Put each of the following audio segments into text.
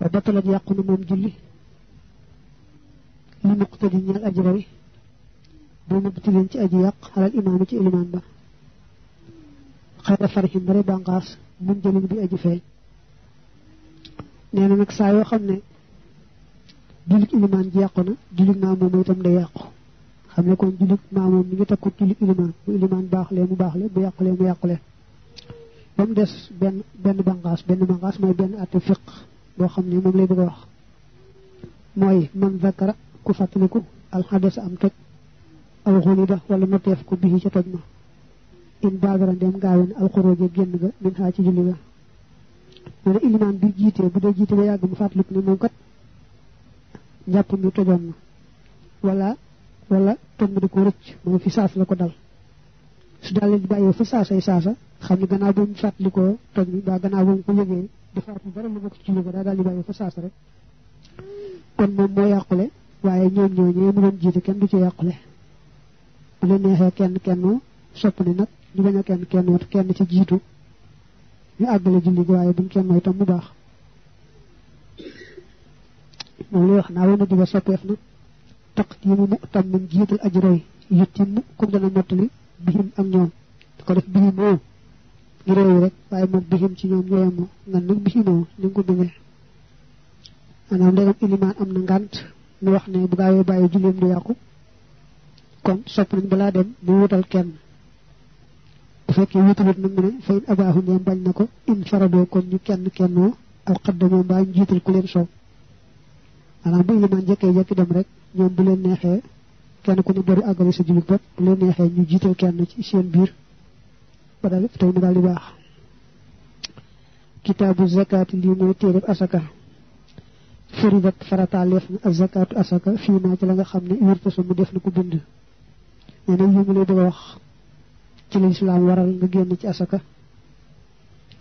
wa ji yàqu na moom julli li muqtadi ñeel aji rawi bu mubtilin ci aji yàq xalal imaam ci ilimaan ba xayra farxin bare bànqaas mun jëlin bi aji feeñ nee na nag saa yoo xam ne jullit ilimaan ji yàqu na jullit maamoom ma itam day yàqu xam ne kon jullit maamoom mi ngi takku jullit ilimaan bu ilimaan baaxlee mu baaxle bu yàqulee mu yàqule ba mu des benn benn bànqaas benn bànqaas mooy benn àtte fiq boo xam ne moom lay bëgg a wax mooy man zakara ku fàttaliku alxadasa am toj aw xulida wala noteef ko bii ca toj ma in baadara dem gaawe ne alxurooje génn ga min xaa ci julli ga mu ne ilimaan bi jiitee bu dee jiite ba yàgg mu fàttaliku ne moom kat njàpp mi tojoon na wala wala toj ma di ko rëcc moom fi saas la ko dal su daal leen bàyyee fa saasay saasa xam ne gannaaw bu mu fàttalikoo toj mi baa gannaaw bu mu ko yëgee du faatu dara lu bokk ci julli ba daa daal di bàyyi fa saasa rek kon moom moo yàqule waaye ñoom ñooñee mu doon jiite kenn du ci yàqule bu la neexee kenn kenn sopp ni nag ñu bañ a kenn kenn wut kenn ci jiitu ñu àggale julli gi waaye buñ kenn mooy tam mu baax moom lay wax naa wona diba soppeef na taqdiimu mu tam min jiital aji roy yittim mu comme dana mottali bihim ak ñoom ko def bihim réew rek waaye moom bihim ci ñoom ñoo yem ngan nag bihimoo ni nga ko bëggee maanaam ndegam ilimaan am wax ne bu gaawee bàyyi julleem du yàqu kon sopp nañ balaa dem mu wutal kenn bu fekkee wutalut nag mu ne fayin abaahu ñoom bañ na ko in faradoo kon ñu kenn kennoo aw xaddamoo mbaa ñu jiital ku leen soow maanaam bu ilimaan jekkee jekki dem rek ñoom bu leen neexee kenn ku ne boru àggale sa jullit bopp bu leen neexee ñu jiital kenn ci seen biir ba daal taw mu daal di baax kitaabu zakaati lii mooy téereb asaka faridat farataaleef na ak asaka fii maa ci la nga xam ne wértasa mu def na ko bind nee na yi wax ci la islaam waral nga génn ci asaka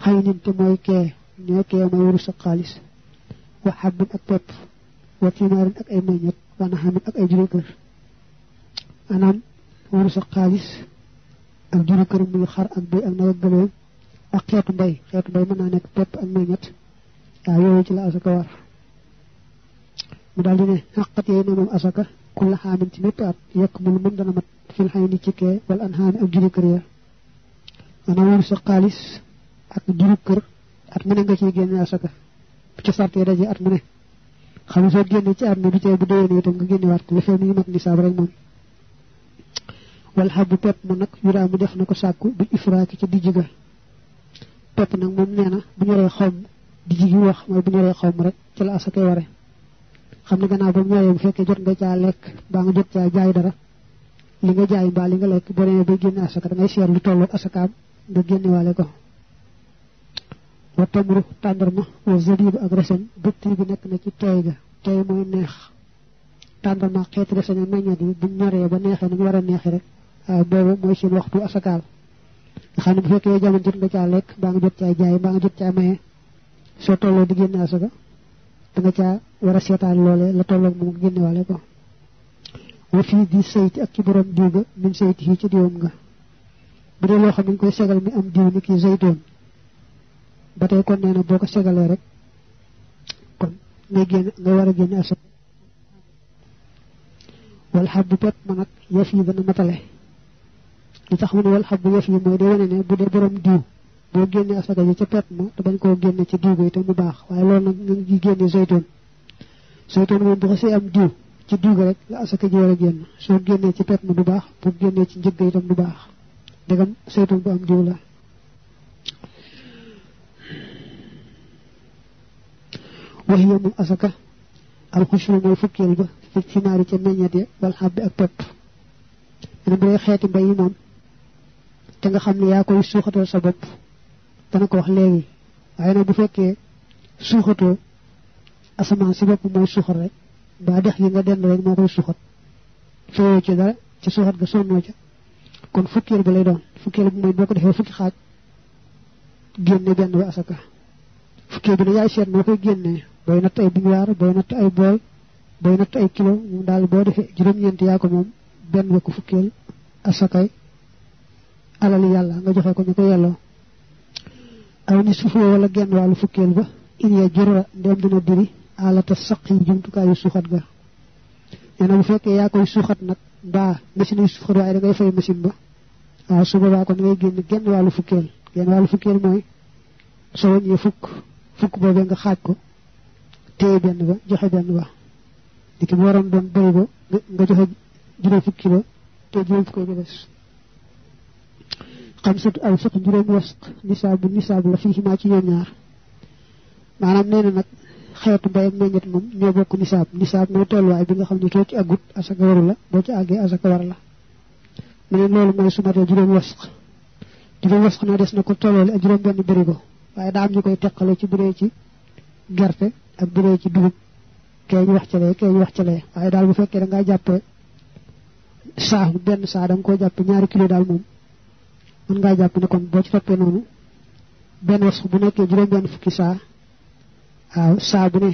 xëy ninte mooy kee mooy wurus xaalis wa xabbin ak pepp wa tinaarin ak ay meññet wa naxamin ak ay juróom kër maanaam xaalis ak juri këram muy xar ak bëy ak nag ak gëléem ak xeetu mbay xeetu mbay mën naa nekk pepp ak meññet waaw yooyu ci la asaka war mu daal di ne xaqat yooyu ne moom asaka kulla xaamin ci mépp at yekk mul mun dana mat fil xay ni ci kee wala an xaami ak juri kër ya maanaam wur sa xaalis ak juri kër at mu ne nga ciy génne asaka bu ci sarte daje at mu ne xam soo génne ci at mi du cee bu déwénee itam nga génnewaat ko lu fee mi ngi mat rek moom wal xabu pepp ma nag yuraa mu def na ko sàkku bi ifraaki ca dijj ga pepp nag moom nee na bu ñoree xawm dijj gi wax mooy bu ñoree xawm rek ci la asakay ware xam ne gannaaw ba mu ñoree bu fekkee jot nga caa lekk baa nga jot caa jaay dara li nga jaay mbaa li nga lekk boo demee bay génne asaka da ngay seer lu tolloog asakaam nga génnewaale ko wa tamru tàndarma wa zabiib ak resen bëtti bi nekk na ci tooy ga tooy mooy neex tàndarma xeeti reseña meññet yi bu ñoree ba neexee ni ñu war a neexee rek waaw boobu mooy seen waxtu asakaal nga xam ne bu fekkee jamono jot nga caa lekk baa nga jot caa jaay baa nga jot caa maye soo tolloo di génne asaka da nga caa war a seetaan loolee la tolloog moom nga génnewaale ko wa fii di ci borom diw bu dee loo xam ne nga koy segal mi am ba na boo ko segalee rek a génne asaka wal li tax mu ne wal xab bu mooy day wane ne bu dee borom diw boo génnee asaka ji ca pepp ma te bañ koo génne ca diw bi te mu baax waaye loolu nag ñu ngi génne zaytoon zaytoon moom bu xasee am diw ci diw ga rek la asaka ji war a génn soo génnee ci pepp ma du baax bu génnee ci njëgg itam du baax dagam zaytoon bu am diw la wax yo moom asaka alxushru mooy fukkeel ba fi finaari ca meññet ya wal bi ak pepp ene bu dee xeeti mbay yi te nga xam ne yaa koy suuxatoo sa bopp dana ko wax léegi waaye nag bu fekkee suuxatoo asamaan si bopp mooy suuxat rek mbaa dex yi nga dend rek moo koy suuxat sooyoo ci dara ci suuxat ga sonnoo ca kon fukkeel ba lay doon fukkeel bi mooy boo ko defee fukki xaaj génne benn ba asaka fukkeel bi ne yaay seet moo koy génnee booy natt ay biniwaar booy natt ay bool booy natt ay kilo moom daal boo defee juróom-ñeent yaa ko moom benn ba ko fukkeel asakay alal yàlla nga joxe ko ñu ko yelloo aw ni suufoo wala genn wàllu fukkeel ba in ya jurra ndem dina diri alata saq yi jumtukaayu suuxat ga nee na bu fekkee yaa koy suuxat nag mbaa machine yi suuxat waaye da fay machine ba waaw su boobaa kon ngay génn genn wàllu fukkeel genn wàllu fukkeel mooy soo wëññee fukk fukk boobee nga xaaj ko téye benn ba joxe benn ba di ki waroon doon bëri ba nga joxe juróom fukki ba te juróom fukki ba des xam xamsatu awsaq juróomi wasq bu nisaabu la fii ci maa ci ñoom ñaar maanaam nee na nag xeetu mbay ak meññet moom ñoo bokk nisaab nisaab mooy tolluwaay bi nga xam ne soo ci aggut asaka waru la boo ci àggee asaka war la mu ne loolu mooy su matee juróomi wasq juróomi wasq na des na ko tolloole ak juróom benn bërigo waaye daa am ñu koy teqale ci bu ci gerte ak bu ci dugub kee ñu wax ca lee kee wax ca lee waaye daal bu fekkee da ngaa jàpp saaku benn saa da koo jàpp ñaari kilo daal moom mën ngaa jàpp ne kon boo ci toppee noonu benn wax bu nekkee juróom-benn fukki saa waaw saa bu ne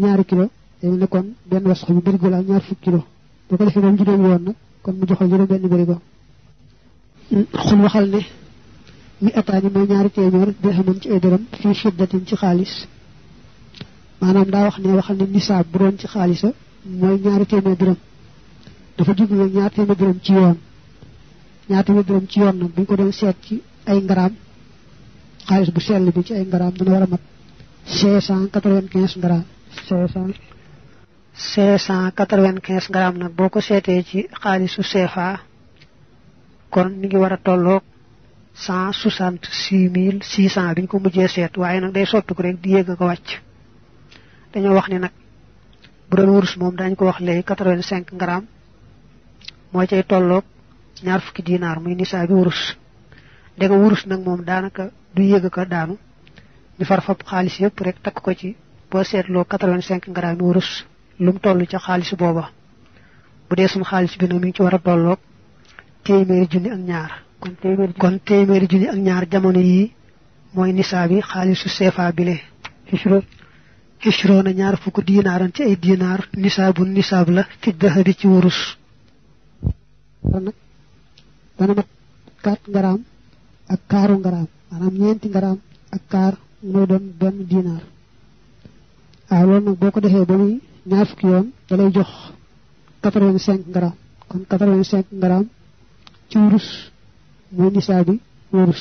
ñaari kilo day mel ne kon benn wax bu bërigo la ñaar fukki kilo boo ko defee moom juróomi woon na kon mu joxal juróom-benn bërigo. xul waxal ne mi ataani mooy ñaari téeméer bi xamoon ci ay dërëm fii fiddatin ci xaalis maanaam daa wax ne waxal ne nisaab bu doon ci xaalisa mooy ñaari téeméer dërëm dafa jublu ñaar téeméer dërëm ci yoon. ñaata la ci yoon nag bu ko doon seet ci ay ngaraam xaalis bu sell bi ci ay ngaraam dina war a mat cinq cent quatre vingt nag boo ko seetee ci xaalisu CFA kon mi ngi war a tolloog cent soixante-six mille six cent bi ko mujjee seet waaye nag day soppiku rek di yéeg ko wàcc dañoo wax ni nag bu doon wurus moom dañ ko wax léegi quatre-vingt-cinq ngaraam moo cay tolloog ñaar fukki dinaar muy nisaa bi wurus ndegam wurus nag moom daanaka du yég ko daanu ñu far xaalis yëpp rek takk ko ci boo seetloo quatre-vingt-cinq grammes yi wurus lu mu toll ca xaalis booba bu dee suma xaalis bi nag mi ngi ci war a tolloog téeméeri junni ak ñaar kon téeméeri ak ñaar jamono yii mooy nisaa bi xaalisu CFA bile ishrona ñaar fukk diinaaran ci ay diinaar nisaabun nisaab la fi dahabi ci wurus dana mat 4 ngaraam ak kaaru ngaraam maanaam ñeenti ngaraam ak kaar moo doon benn dinaar waaw loolu nag boo ko defee ba muy ñaar fukki yoon da jox 85 ngaraam kon 85 ngaraam ci wurus mooy nisaa bi wurus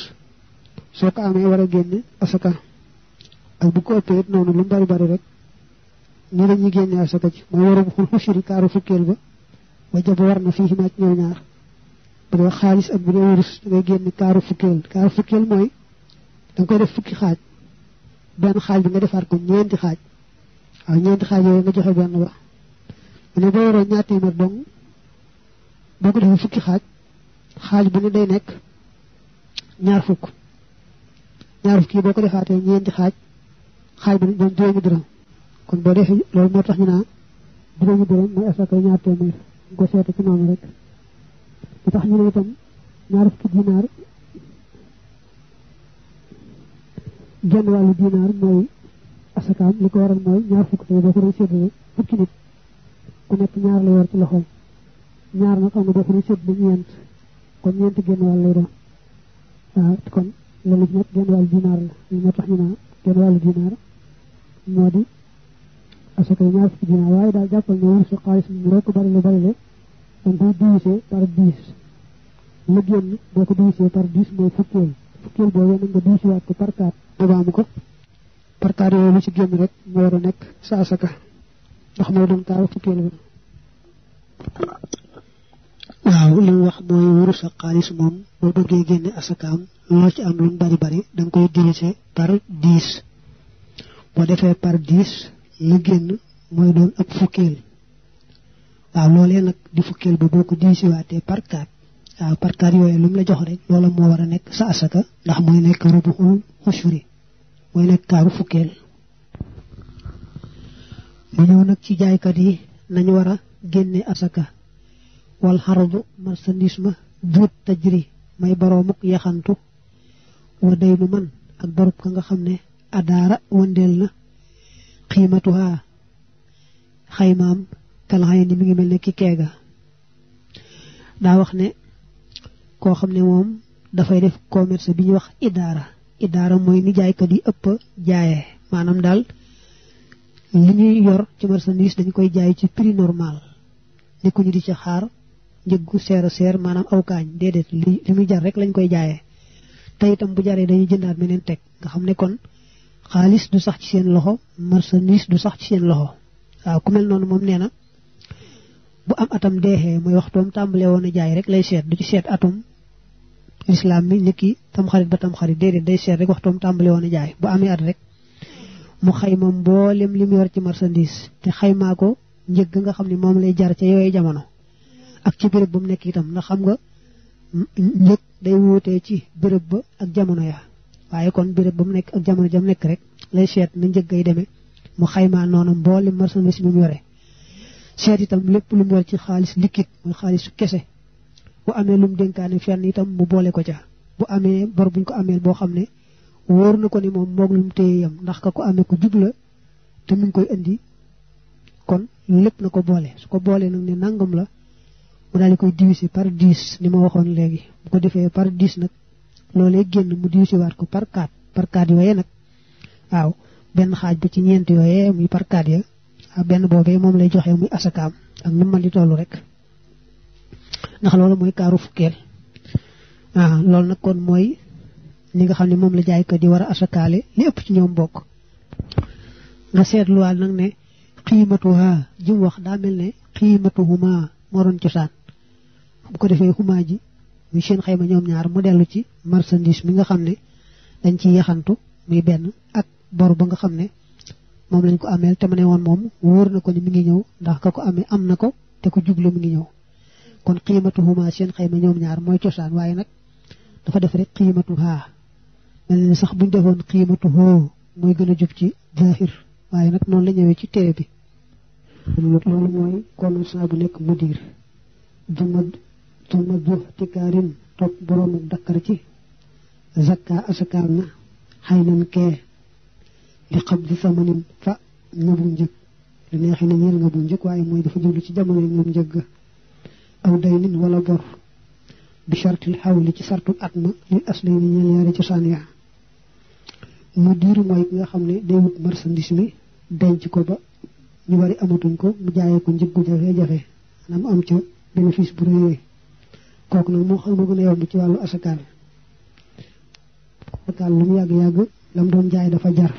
soo ko amee war a génne asaka ak bu ko ëppee it noonu lu mu bari bari rek nii la génne asaka ci mooy waru bu xul kaaru fukkeel ba ba jaba war na fii ci ñoom ñaar bu dee xaalis ak bu dee wurus da ngay génn kaaru fukkeel kaaru fukkeel mooy danga koy def fukki xaaj benn xaaj bi nga defaat ko ñeenti xaaj waaw ñeenti xaaj yooyu nga joxe benn ba mu ne boo yoree ñaar téeméer dong boo ko defee xaaj xaaj bu ne day nekk ñaar fukk ñaar fukk yi boo ko defaatee ñeenti xaaj xaaj bu ne doon juróomi dërëm kon boo defee loolu moo tax ñu naa juróomi dërëm mooy asaka ñaar téeméer nga seete ci noonu rek lu tax ñu ne itam ñaar fukki dinaar genn wàllu dinaar mooy asakaam li ko waral mooy ñaar fukk tey boo ko ku nekk ñaar la yor ci loxoom ñaar nag xam nga boo ko doon séddale ñeent kon ñeent genn wàll lay doon waaw kon loolu ñett genn wàllu dinaar la li moo tax ñu naan genn wàllu dinaar moo di asaka ñaar fukki dinaar waaye daal jàppal ne su xaalis mu rek bari la danga koy divisé par dix génn boo ko divisé par dix mooy fukkeel fukkeel boo nañ nga divisé waat ko par quatre ko par quatre lu ci génn rek moo war a nekk sa asaka ndax mooy doon taaru fukkeel bi moom boo bëggee koy divisé par dix boo defee par lu génn mooy doon ab fukkeel waaw loolee nag di fukkeel ba boo ko diisiwaatee par kaat waaw par kaat yooyu la jox rek loola moo war a nekk sa asaka ndax mooy nekk rubuxul xushuri mooy nekk kaaru fukkeel mu ñëw nag ci jaaykat yi nañ wara a génne asaka wal xaradu marchandise ma buut tajri may boroomuk yaxantu wa day nu man ak barub ka nga xam ne adaara wëndeel na xiimatuha xaymaam kalaxaye ni mi ngi mel ne ki keega daa wax ne koo xam ne moom dafay def commerce bi ñuy wax idaara idaara mooy ni jaaykat yi ëpp jaaye maanaam daal li ñuy yor ci marsandiis dañ koy jaay ci prix normal nekkuñu di ci xaar njëggu seer seer maanaam aw kaañ déedéet li li muy jar rek lañ koy jaaye te itam bu jaree dañuy jëndaat meneen teg nga xam ne kon xaalis du sax ci seen loxo marchandise du sax ci seen loxo waaw ku mel noonu moom nee na bu am atam deexee mooy waxtoom tàmbale woon a jaay rek lay seet du ci seet atum lislaam mi niki tamxarit ba tamxarit déedéet day seet rek waxtoom tàmbale woon a jaay bu amee at rek mu xayma mboolem li mu yor ci marchandise te xaymaa ko njëg nga xam ne moom lay jar ca yooyu jamono ak ci béréb bu mu nekk itam ndax xam nga njëg day wuutee ci béréb ba ak jamono ya waaye kon béréb ba mu nekk ak jamono jam nekk rek lay seet na njëg ay demee mu xaymaa noonu mboolem marchandise bi mu yore seet itam lépp lu mu war ci xaalis liquide mooy xaalisu kese bu amee lu mu dénkaane fenn itam mu boole ko ca bu amee bor buñ ko amee boo xam ne wóor na ko ni moom moog lu mu téye yam ndax ka ko amee ko jubla te mu ngi koy indi kon lépp na ko boole su ko boolee nag ne nangam la mu daal di koy diviser par 10 ni ma waxoon léegi mu ko defee par 10 nag loolee génn mu diviser waat ko parkaat parkaat par 4 yooyee nag waaw benn xaaj bi ci ñeent yooyee muy par ak benn boobee moom lay joxe muy asakaam ak nu man di tollu rek ndax loolu mooy kaaru fukkeel waaw ah, loolu nag kon mooy li nga xam ne moom la jaay jaaykat di war a asakaale li ëpp ci ñoom bokk nga seetluwaal nag ne xiimatuha jim wax daa mel ne xiimatu huma moroon cosaan bu ko defee huma ji muy seen xayma ñoom ñaar mu dellu ci marchandise mi nga xam ne dañ ci yaxantu muy benn ak bor ba nga xam ne moom lañ ko ameel te ma ne woon moom wóor na ko ni mi ngi ñëw ndax ka ko amee am na ko te ko jublu mi ngi ñëw kon xiimatuhuma seen xayma ñoom ñaar mooy cosaan waaye nag dafa def rek xiimatuha mel ni sax buñ defoon xiimatuhoo mooy gën a jub ci zahir waaye nag noonu la ñëwee ci téere bi loolu mooy convention bu nekk mu diir juma juma ju ci kaarin toog boroomu dakkar ci zakka asakaam na xay li xam di samanin fa ñëbu njëg lu neexi ne ñeel nga bu njëg waaye mooy dafa jublu ci jamono ñoom njëgg aw daynin wala bor bi sartil xawli ci sartu at ma li asli ni ñeel yaari cosaan ya mu diiru mooy ki nga xam ne day wut marchandise mi denc ko ba ñu bari amatuñ ko mu jaayee ko njëg gu jafe-jafe maanaam am ca bénéfice bu réyee kooku nag moo xam moo gën a yomb ci wàllu asakaal asakaal lu mu yàgg-yàgg lam doon jaay dafa jar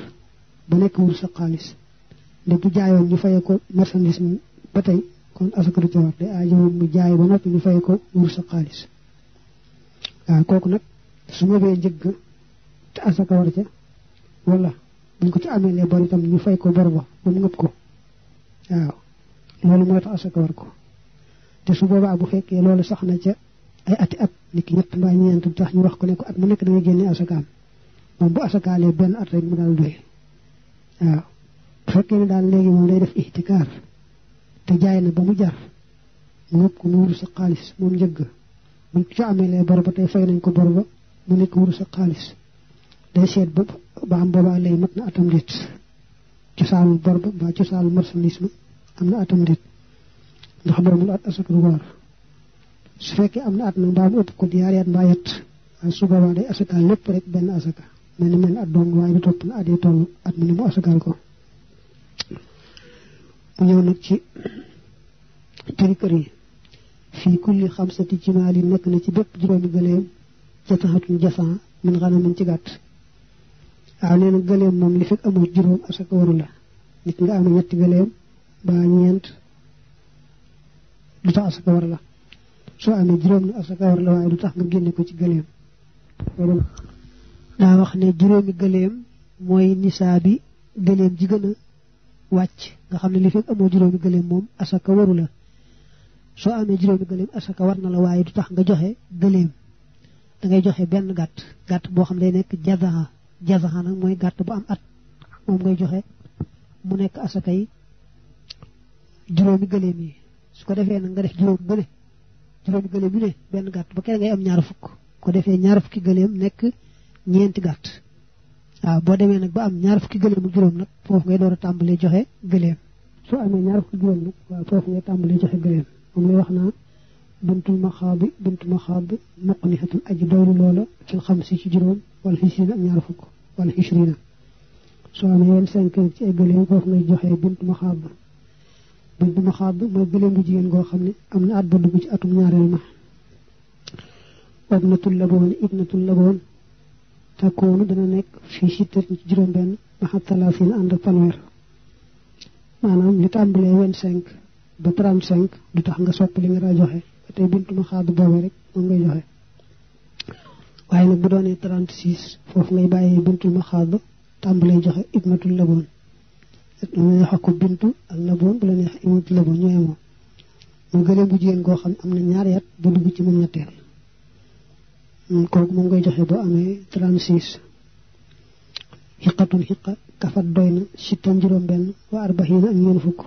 ba lekk wul sa xaalis ndax bu jaayoon ñu fayee ko marchandise mi ba tey kon asaka du ci war day aajowoon mu jaay ba noppi ñu fayee ko wul sa xaalis waaw kooku nag su ma bee njëgg te asaka war ca wala buñ ko ca amee lee bor itam ñu fay ko bor ba ba mu ngëpp ko waaw loolu mooy tax asaka war ko te su boobaa bu fekkee loolu sax na ca ay ati at nit ki ñett mbaa bu tax ñu wax ko ne ko at mu nekk da génnee génne asakaam moom bu asakaalee benn at rek mu waaw bu fekkee ne daal léegi moom day def ihtikaar te jaay na ba mu jar mu yëpp ko mu wuru sa xaalis moom njëgg bu ñu ca amee lee bor ba tey fay nañ ko bor ba mu nekk wuru sa xaalis day seet ba ba am boobaa lay mat na atam déet cosaanu bor ba ba cosaanu marchandise am na atam déet ndax boromul at asatul woor su fekkee am na at nag daa mu ëpp ko di yaari at mbaa yett waaye su day asaka lépp rek benn asaka mu ne mel at doom waaye bi topp na at yi toll at mu ne mu asagaal ko mu ñëw nag ci turi kër yi fii kulli xamsati jimaal yi nekk na ci bépp juróomi gëléem ca taxatun jasan min xanaa mën ci gàtt waaw nee na gëléem moom li fekk amoo juróom asaka la nit nga am ñetti gëléem ba ñeent du tax asaka la soo amee juróom na asaka la waaye du tax nga génne ko ci gëléem daa wax ne juróomi gëléem mooy nisaa bi gëléem ji gën a wàcc nga xam ne li fekk amoo juróomi gëléem moom asaka waru la soo amee juróomi gëléem asaka war na la waaye du tax nga joxe gëléem da ngay joxe benn gàtt gàtt boo xam day nekk jazaha jazaha nag mooy gàtt bu am at moom ngay joxe mu nekk asaka yi juróomi gëléem yi su ko defee nag nga def juróom bu ne juróomi gëléem yu ne benn gàtt ba kenn ngay am ñaar fukk ko defee ñaar fukki gëléem nekk ñeenti gàtt waaw boo demee nag ba am ñaar fukki gëléem ak juróom nag foofu ngay door a tàmbalee joxe gëléem soo amee ñaar fukki juróom nag foofu ngay tàmbalee joxe gëléem moom lay wax naa buntul maxaabi buntu maxaabi muqnihatul aji doylu loola fil xam si ci juróom wala xisrina ak wala xisrina soo amee yenn cinq ci ay gëléem foofu ngay joxe buntu maxaab buntu maxaab mooy gëléem bu jigéen goo xam ne am na at bu dugg ci atum ñaareelu ma ibnatul laboon ibnatul laboon takkoonu dana nekk fii si tët ci juróom-benn maxatala fi maanaam li tàmbalee vingt cinq ba trente cinq du tax nga sopp li nga daa joxe tey bintu ma xaadu boobu rek moom ngay joxe waaye nag bu doonee trente six foofu ngay bàyyee bintu ma xaadu tàmbalee joxe ibmatul laboon dana wax ko bintu ak laboon bu la neex ibmatul laboon ñooy moom mu gëlee bu jigéen goo xam am na ñaari at bu dugg ci moom ñetteel moom kooku moom ngay joxe boo amee 36 xiqatun xiqa kafat doy na sittan juróom-benn wa arbaxiina ak ñeent fukk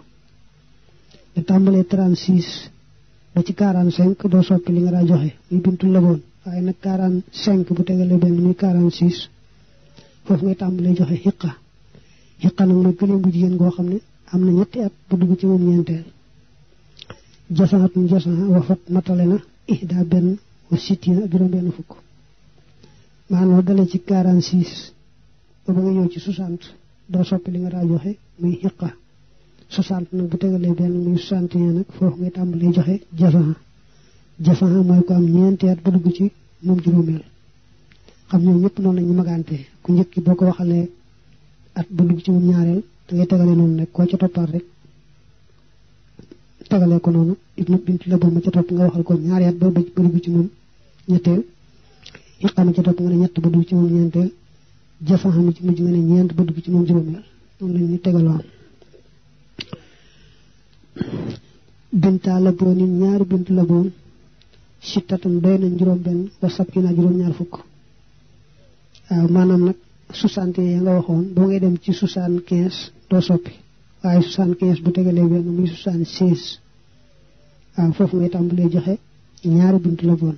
nga tàmbalee 36 ba ci 45 doo soppi li nga daa joxe muy bintu laboon waaye nag 45 bu tegalee benn muy 46 foofu ngay tàmbalee joxe xiqa xiqa nag mooy gëléem bu jigéen goo xam ne am na ñetti at bu dugg ci moom ñeenteel jasanatun jasana wafat matale na ihda benn wa sittina ak juróom-benn fukk maanaam dalee ci 46 ba ba nga ñëw ci 60 doo soppi li nga daa joxe muy xiqa 60 nag bu tegalee benn muy 61 nag foofu ngay tàmbalee joxe jafaha jafaha mooy ko am ñeenti ci moom juróomeel xam ñoom ñëpp noonu lañu magante ku njëkk ki boo ko waxalee at ba dugg ci moom ñaareel da ngay tegalee noonu nag koo ca toppaat rek tegalee ko noonu ibnu bint la ba ma ca topp nga waxal ko ñaari at ba dugg ci moom ñetteel iqaama ca topp nga ne ñett ba dugg ci moom ñeenteel jafa xam ci mujj nga ne ñeent ba dugg ci moom juróomeel moom la ñuy tegaloo la boon yi ñaari bint la boon si tatam doy nañ juróom benn ba sappi naa juróom ñaar fukk maanaam nag soixante ya nga dem ci soixante quinze doo soppi waaye soixante quinze bu tegalee benn muy soixante seize waaw foofu ngay tàmbalee joxe ñaari bint la boon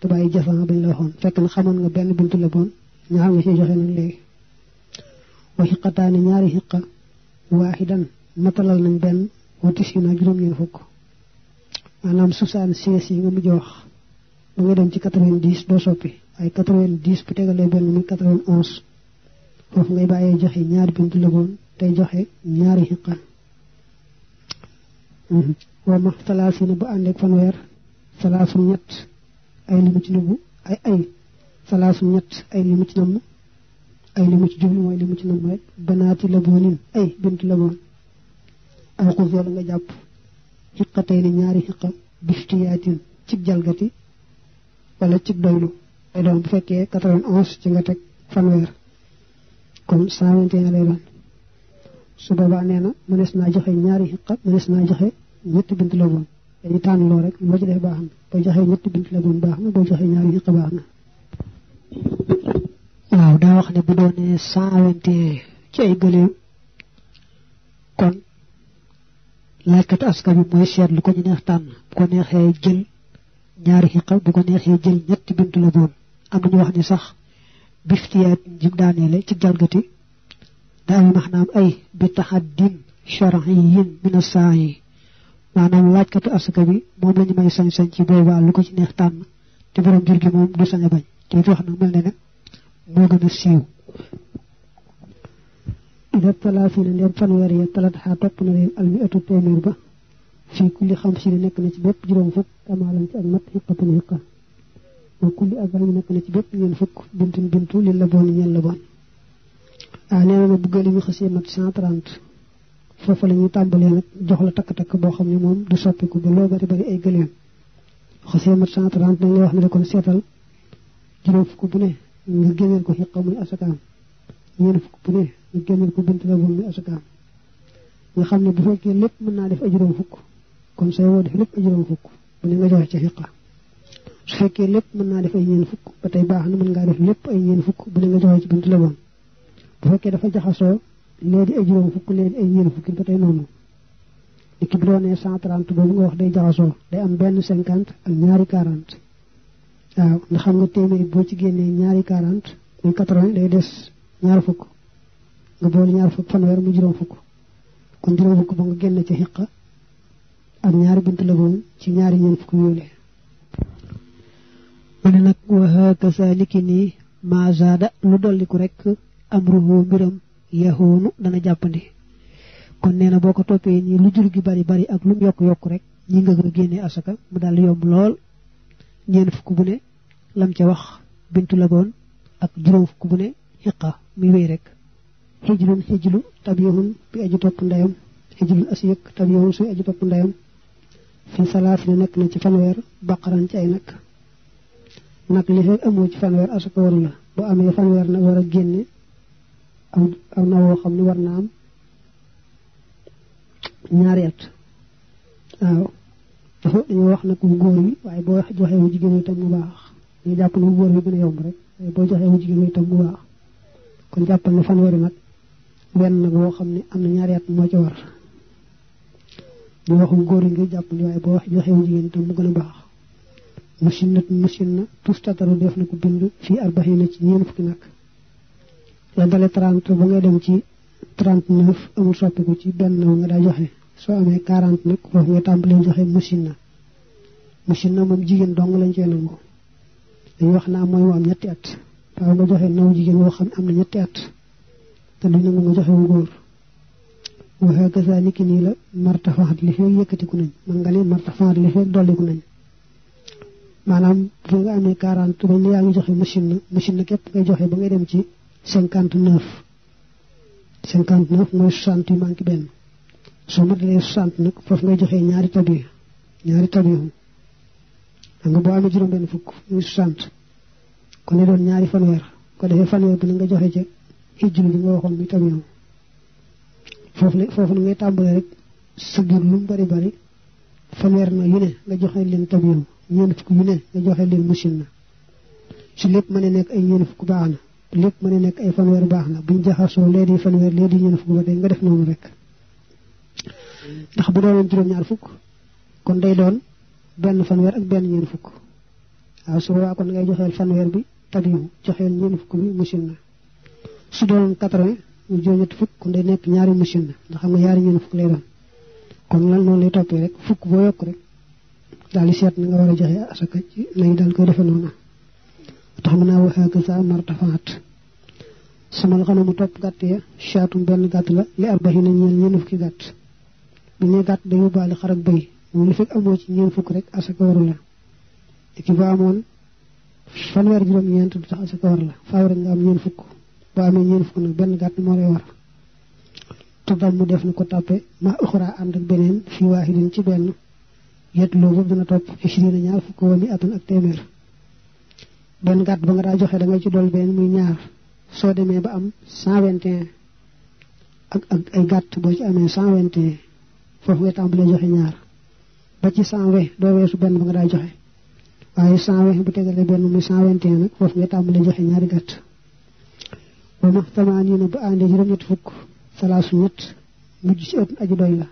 te bàyyi jafan bañ la waxoon fekk na xamoon nga benn buntu la boon ñaar nga ci joxe nag léegi wa xiqataani ñaari xiqa waaxidan matalal nañ benn wati si naa juróom-ñeen fukk maanaam susaan siis yi nga mujj wax ba nga dem ci 90 doo soppi ay 90 bu tegalee benn muy 91 foofu ngay bàyyee joxe ñaari buntu la boon tey joxe ñaari xiqa mhm. wa max salaasina bu àndeek fanweer salaasu ñett ay li ci nëbbu ay ay salaasu ñett ay li mu ci nëbbu ay li ci jublu mooy li ci nëbbu rek banaati laboonin ay bintu laboon aw xus wala nga jàpp xiqa tey ni ñaari xiqa biftiyaatin ci jalgati wala ci doylu lay doon bu fekkee 91 ci nga teg fanweer kon 121 lay doon su boobaa mënees naa joxe ñaari xiqa mënees naa joxe ñetti bintu laboon dañu tànn loo rek boo ci def baax na boo joxee ñetti bint la moom baax na boo joxee ñaari ñaq baax na waaw daa wax ne bu doonee cent vingt et un ci ay gëléem kon laajkatu askan bi mooy seet lu ko ñu neex tànn bu ko neexee jël ñaari xiqa bu ko neexee jël ñetti bint la boom am nañu wax ni sax biftiyaat jim daaneele ci jalgati daa am maanaam ay bi taxaddin shar'iyyin min as-sa'i maanaam laajkatu asaka bi moom la ñu may sañ-sañ ci boobaa lu ko ci neex tànn te borom jur gi moom du sañ a bañ te it wax nag mel ne ne moo gën a siiw. lépp talaafina ndem fanweer ya talat xaa topp na leen almi atu téeméer ba fii kulli xam si nekk na ci bépp juróom fukk amaalam ci ak mat xiqatun xiqa wa kulli abaami nekk na ci bépp ñeen fukk bintun bintu li la boon ñeen la boon. ah nee na bu gëli ñu xasee mat foofu la ñuy tàmbalee nag jox la takk-takk boo xam ni moom du soppiku ba loo bari bari ay gëléem xasee mat 130 dañ lay wax ne kon seetal juróom fukk bu ne nga génneel ko xiqa muy asakaam ñeent fukk bu ne nga génneel ko bint la bu muy asakaam nga xam ne bu fekkee lépp mën naa def ay juróom fukk kon say woo def lépp ay juróom fukk bu ne nga joxe ci xiqa su fekkee lépp mën naa def ay ñeent fukk ba tey baax na mën ngaa def lépp ay ñeent fukk bu ne nga joxe ci bint la bu lee di ay juróom fukk lee di ay ñeent fukki ba tey noonu di ki biloo nee boobu nga wax day jaxasoo day am benn cinquante ak ñaari quarante waaw nga xam nga téeméer boo ci génnee ñaari quarante muy quatre-vingts day des ñaar fukk nga boole ñaar fukk fanweer kon juróom fukk ba nga génn ci xiqa ak ñaari bint la boom ci ñaari ñeent fukk yooyu mu ne nag waxa kasaliki nii ma zaada lu dolliku rek amruhu mbiram yeexoonu dana jàppandi kon nee na boo ko toppee nii lu jur gi bari bari ak lu yokk yokk rek ñi nga ko génnee asaka mu daal yomb lool ñeen fukk bu ne lam ca wax bintu lagoon ak juróom fukk bu ne xiqa muy wéy rek xijlun xijlu tab yoxun bi aju topp ndayam xijlun asiyëg tab yoxun suy aju topp ndayam fi salaafina nekk na ci fanweer baqaran ci ay nag nag li fekk amoo ci fanweer asaka waru la boo amee fanweer nag war a génne aw aw na woo xam ne war na am ñaari at waaw dañoo wax na wu góor yi waaye boo joxee wu jigéen itam bu baax ñu jàpp ne wu góor yi gën a yomb rek waaye boo joxee wu jigéen itam kon jàppal ne fanweeri nag wenn nag woo xam ne am na ñaari moo ci war ñu góor yi jàpp ne boo wax joxee wu jigéen itam mu gën a baax machine na machine na def na ko bind fii arbaxi na ci ñeen fukki nag la dale 30 ba nga dem ci 39 amul soppiku ci benn nga daa joxe soo amee 40 nag foofu nga tàmbalee joxe musina na moom jigéen dong lañ cee nangu dañuy wax naa mooy mu am ñetti at waaw nga joxe xam am na te duñ nangu nga joxe wu góor waxee gasaa niki nii la martafaat li fee yëkkatiku nañ man nga ne martafaat li fee dolliku nañ maanaam fi nga amee 40 ba yaa ngi joxe musina musina képp ngay joxe ba ngay dem ci 59 59 mooy 60 yu manqué benn soo matalee 60 nag foofu ngay joxee ñaari tabi ñaari tabi xam nga boo amee juróom benn fukk muy 60 kon ne doon ñaari fanweer ko defee fanweer bi na nga joxe ca xijjul bi nga waxoon muy tabi foofu la foofu na ngay tàmbalee rek sa biir lu mu bari bari fanweer na yu ne nga joxe leen tabi ñeent fukk yu ne nga joxe leen musin na su lépp mën a nekk ay ñeent fukk baax na lépp mën a nekk ay fanweer baax na buñ jaxasoo lee di fanweer lee di ñeen fukk ba day nga def noonu rek ndax bu doonoon juróom-ñaar fukk kon day doon benn fanweer ak benn ñeen fukk waaw su boobaa kon ngay joxeel fanweer bi tabiwu joxeel ñeen fukk bi musin na su doonoon quatre-vingts mu juróom fukk kon day nekk ñaari musin na ndax xam nga ñaari ñeen fukk lay doon kon lan noonu lay toppee rek fukk boo yokk rek daal di seet na nga war a joxe asaka ci lay daal koy defe noonu ndax mën naa waxee gasa martafaat sumal xana mu topp gàtt ya chaatum benn gàtt la li arbahi na ñeen ñeen fukki gàtt bu ñu gàtt day yóbbaale xar bëy moom li fekk amoo ci ñeen fukk rek asaka waru la ki ba amoon fanweer juróom-ñeent du tax asaka war la faaw rek nga am ñeen fukk boo amee ñeen fukk nag benn gàtt moo lay war tuddam mu def na ko tàppe ma uxraa ànd ak beneen fii waahidin ci benn yet loobu dina topp ishrina ñaar fukk wa mi atan benn gàtt ba nga daa joxe da ci dool benn muy ñaar soo demee ba am 121 ak ak ay gàtt boo ci amee 121 foofu nga tàmbalee joxe ñaar ba ci 120 doo weesu benn ba nga daa joxe waaye 120 bu tegalee benn muy 121 nag foofu nga tàmbalee joxe ñaari gàtt ba ma tamaan yi na bu àndee juróom-ñett fukk salaasu ñett mujj ci ëpp aji doy la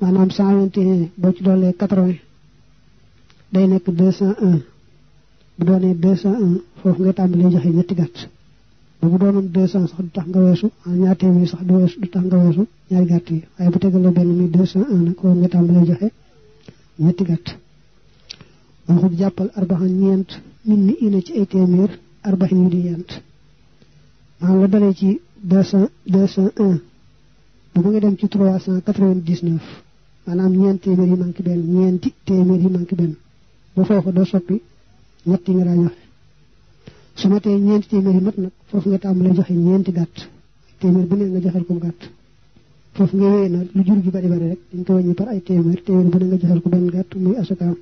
maanaam 121 boo ci doolee 80 day nekk bu doonee deux cent un foofu nga tàmbalee joxe ñetti gàtt ba bu doonoon deux cent sax du tax nga weesu sax du weesu ñaari gàtt yi waaye bu tegalee benn mi deux cent un nag foofu nga tàmbalee joxe ñetti gàtt waxub jàppal arbaxan ñeent min ni ina ci ay téeméer arbaxin yu di yent maanaam la dalee ci deux cent deux cent ba mu nga dem ci trois cent quatre-vingt-dix-neuf maanaam ñeent téeméer yi manqué benn ñeenti téeméer yi manqué benn ba foofu doo soppi ñetti nga daa joxe su ma tee ñeenti téeméeri mat nag foofu nga tàmbalee joxe ñeenti gàtt téeméer bu ne nga joxal ko gàtt foofu nga wéy na lu jur bari bari rek dañ ko wàññi par ay téeméer téeméer bu ne nga joxal ko benn gàtt muy asakaam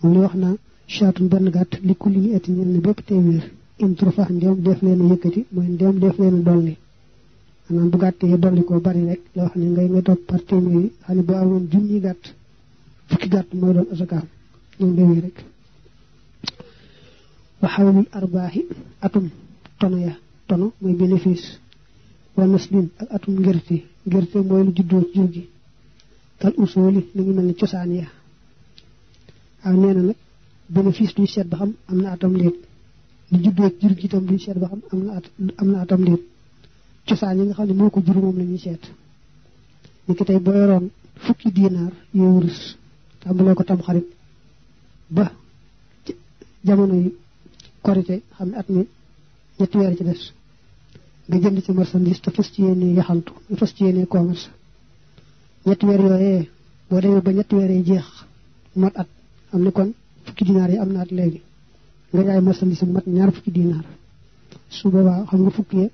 moom la wax na chaatun benn gàtt li ku liñu etti ñel ne bépp téeméer in turfax ndeem def leen a yëkkati mooy ndeem def leen a dolli maanaam bu gàttee dolli koo bari rek la wax ne ngay nga toog par téeméer yi xam ne boo amoon junni gàtt fukki gàtt mooy doon asakaam noonu la wéy rek wa xawlul arbaaxi atum tono ya tono mooy bénéfice wa ak atum ngerte ngerte mooy lu juddoo jur gi kal usooli mu ngi mel ni cosaan ya waaw nee na nag bénéfice duñ seet ba xam am na atam déet cosaan yi nga xam ne moo ko jur moom la seet ni ki tey boo yoroon fukki diinaar yooyu wurus tàmbalee ko tam xarit ba jamono yi korite xam ne at mi ñetti weer ci des nga jënd ci marchandise te fas ci yéene yaxantu nga fas ci yéene commerce ñetti weer yooyee boo demee ba ñetti weer yi jeex mat at am ni kon fukki dinaar yi am na at léegi nga jaay marchandise bu ñaar fukki dinaar su boobaa xam nga fukki yee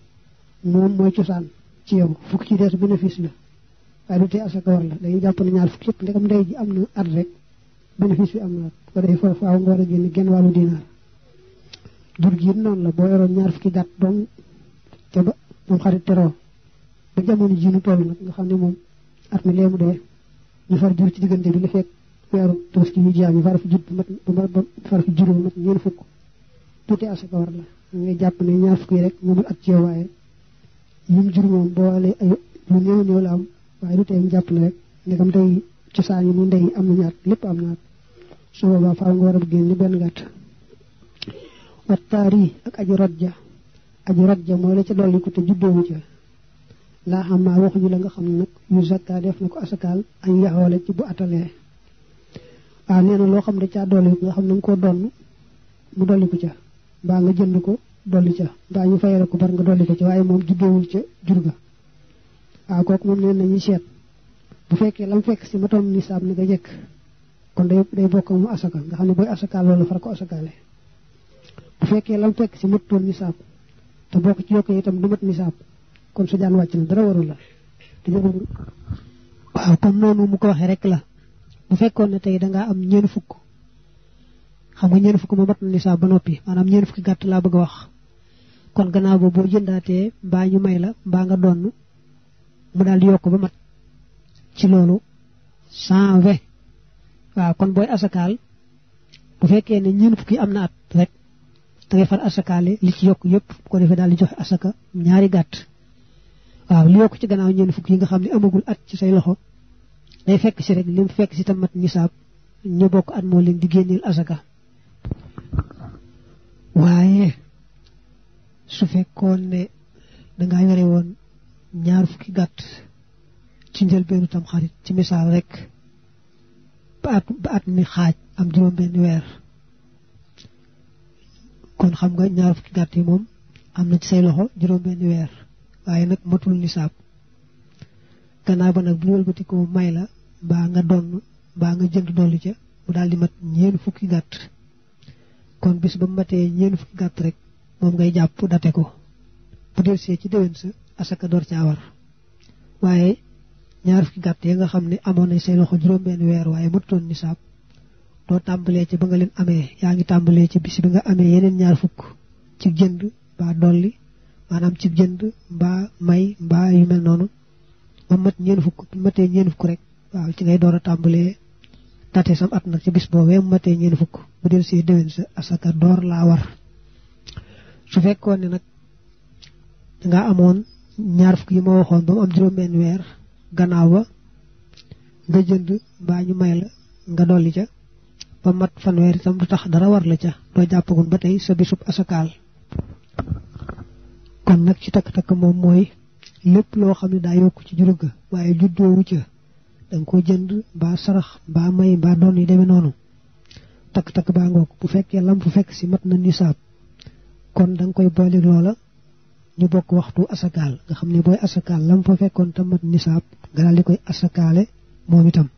moom mooy cosaan ci yow fukki ci des bénéfice la waaye du tee ñaar fukki yëpp ndegam am na at rek bénéfice bi am na at foofu faaw nga war a génn genn wàllu dinaar jur gi noonu la boo yoroon ñaar fukki gàtt dong te ba moom xarit teroo ba jamono ji nu toll nag nga xam ne moom at mi lee mu ñu far jur ci diggante bi li fekk weeru tabaski yu jaam yi far fi jur bu mat ba far fi jur bu mat ñeent fukk tuuti asaka war la ngay jàpp ne ñaar fukki rek moomul at ci yow waaye yim jur moom boole ay lu néew néew la am waaye du tey ñu jàpp ne rek ndegam tey cosaan yi ni ndey am na ñaar lépp am naat su boobaa faaw nga war a génn benn gàtt attaari ak aju rot ja aju rot ja mooy la ca dolli ko te juddoowu ca laa xam maa waxuñu la nga xam ne nag yu zakka def na ko asakaal añ yaxoole ci bu atalee waaw nee na loo xam ne caa dolli nga xam na nga koo donn mu dolli ko ca mbaa nga jënd ko dolli ca mbaa ñu fayale ko bar nga dolli ko ca waaye moom juddoowul ca jur ga waaw kooku moom nee ñu seet bu fekkee lam fekk si matoom nisaab ni nga jëkk kon day day bokk mu asaka nga xam ne booy asakaal loolu far bu fekkee la lam tekk si mëtutoon nisaab te boo ci yokkee itam du mët nisaab kon sujaan wàcc na dara warul la te waaw comme noonu mu ko waxee rek la bu fekkoon ne tey danga am ñeen fukk xam nga ñeen fukk ma mat na nisaab ba noppi maanaam ñeen fukki gàtt laa bëgg a wax kon gannaaw ba boo jëndaatee mbaa may la mbaa nga donn mu daal di yokk ba mat ci loolu waaw kon booy asakaal bu fekkee ne ñeen fukki am na at rek te ngay far asakaale li ci yokk yëpp ko defee daal di joxe asaka ñaari gàtt waaw li yokk ci gannaaw ñeent fukk yi nga xam ne amagul at ci say loxo day fekk si rek li mu fekk si tam mat nisaab ñu bokk at moo leen di génneel asaka waaye su fekkoon ne dangaa yore woon ñaar fukki gàtt ci njëlbeenu tam xarit ci misaal rek ba at ba at mi xaaj am juróom benn weer kon xam nga ñaar fukki gàtt yi moom am na ci say loxo juróom-benn weer waaye nag matul nisaab gannaaw ba nag bu ñu wëlbatikoo may la mbaa nga donn mbaa nga jënd dolli ca mu daal di mat ñeen fukki gàtt kon bis ba mu matee ñeen fukki gàtt rek moom ngay jàpp date ko bu delsee ci déwén sa asaka door caa war waaye ñaar fukki gàtt ya nga xam ne amoon nañ say loxo juróom benni weer waaye matutoon nisaab doo tàmbalee ci ba nga leen amee yaa ngi tàmbalee ci bis bi nga amee yeneen ñaar fukk ci jënd mbaa dolli maanaam ci jënd mbaa may mbaa yu noonu ba mat ñeen fukk bu matee ñeen fukk rek waaw ci ngay door a tàmbalee tate sam at nag ci bis boobee mu matee ñeen fukk bu del see déwén sa asaka door laa war su fekkoon ne nag danga amoon ñaar fukk yi ma waxoon ba am juróom-benn weer gannaaw ba nga jënd mbaa ñu may nga dolli ca ba mat fanweer itam du tax dara war la ca doo jàppagul ba tey sa bisub asakaal kon nag ci takk-takk moom mooy lépp loo xam ne daa yokk ci jurug waaye juddoowu ca da nga ko jënd mbaa sarax mbaa may mbaa doon yi demee noonu takk-takk baa ngoog bu fekkee lam fu fekk si mat na nisaab kon da koy boole loola ñu bokk waxtu asakaal nga xam ne booy asakaal lam fa fekkoon te mat nisaab nga daal di koy asakaale moom itam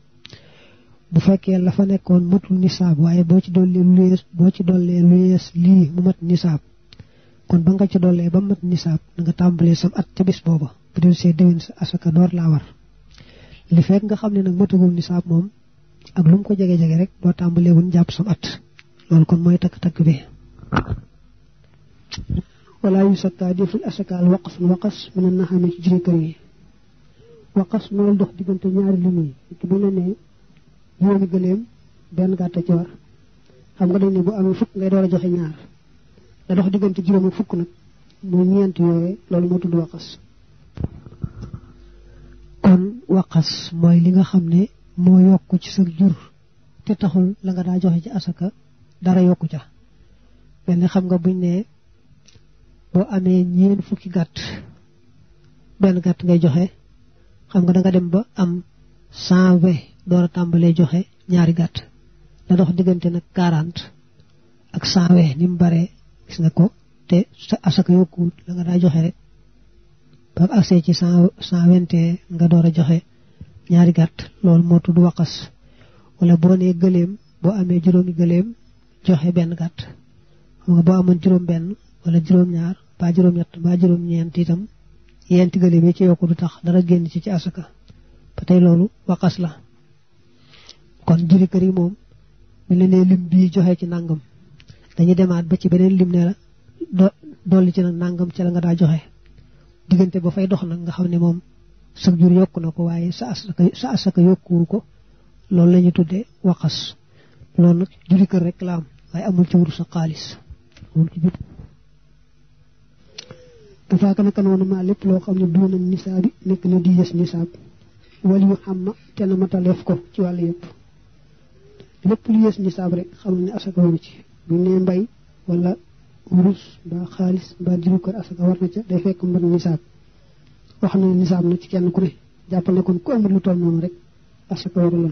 bu fekkee la fa nekkoon matul nisaab waaye boo ci dollee lu boo ci dollee lu yees lii mu mat nisaab kon ba nga ci dollee ba mu mat nisaab na nga tàmbalee sam at ca bis booba bu dee see déwén sa asaka door laa war li fekk nga xam ne nag matagul nisaab ak lu ko jege jege rek boo tàmbalee wuñ jàpp sam at lool kon mooy takk-takk bi wala yu sakka deful asakaal waqas waqas mën a naxamee ci juri yi waqas mënal dox diggante juróomi gëléem benn gàtta coor xam nga dañ ne bu amee fukk ngay door a joxe ñaar da dox diggante juróom ak fukk nag muy ñeent yooyee loolu moo tudd waqas kon waqas mooy li nga xam ne moo yokk ci sa jur te taxul la nga daa joxe ci asaka dara yokku ca mel ni xam nga buñ ne boo amee ñeent fukki gàtt benn gàtt ngay joxe xam nga da nga dem ba am cent vingt door a tàmbalee joxe ñaari gàtt la dox diggante nag 40 ak 100 we ni mu baree gis nga ko te sa asaka yokkuwut la nga daa joxe rek ba agsee ci 100 121 nga door a joxe ñaari gàtt loolu moo tudd waqas wala boo nee gëléem boo amee juróomi gëléem joxe benn gàtt xam nga boo amoon juróom benn wala juróom ñaar ba juróom ñett ba juróom ñeent itam yeenti gëléem yi ci yokku du tax dara génn ci ci asaka ba loolu waqas la kon juri kër yi moom ñu ne lim bii joxe ci nangam dañuy demaat ba ci beneen lim ne la do dolli ci nag nangam ci la nga daal joxe diggante ba fay dox nag nga xam ne moom sa jur yokku na ko waaye sa asaka sa asaka yokkuwul ko loolu la tudde tuddee waqas loolu nag juri kër rek la waaye amul ci wuru sa xaalis dafa kan noonu maa lépp loo xam ne doon na nisaabi nekk na di yes nisaab wala xam ma te na mataleef ko ci wàllu yëpp. lépp lu yées nisaab rek xamal ne asaka waru ci bu nee mbay wala wurus mbaa xaalis mbaa diru kër asaka war na ca day fekk mën nisaab wax na nisaab na ci kenn ku ne jàppal ne kon ku amul lu toll noonu rek asaka waru la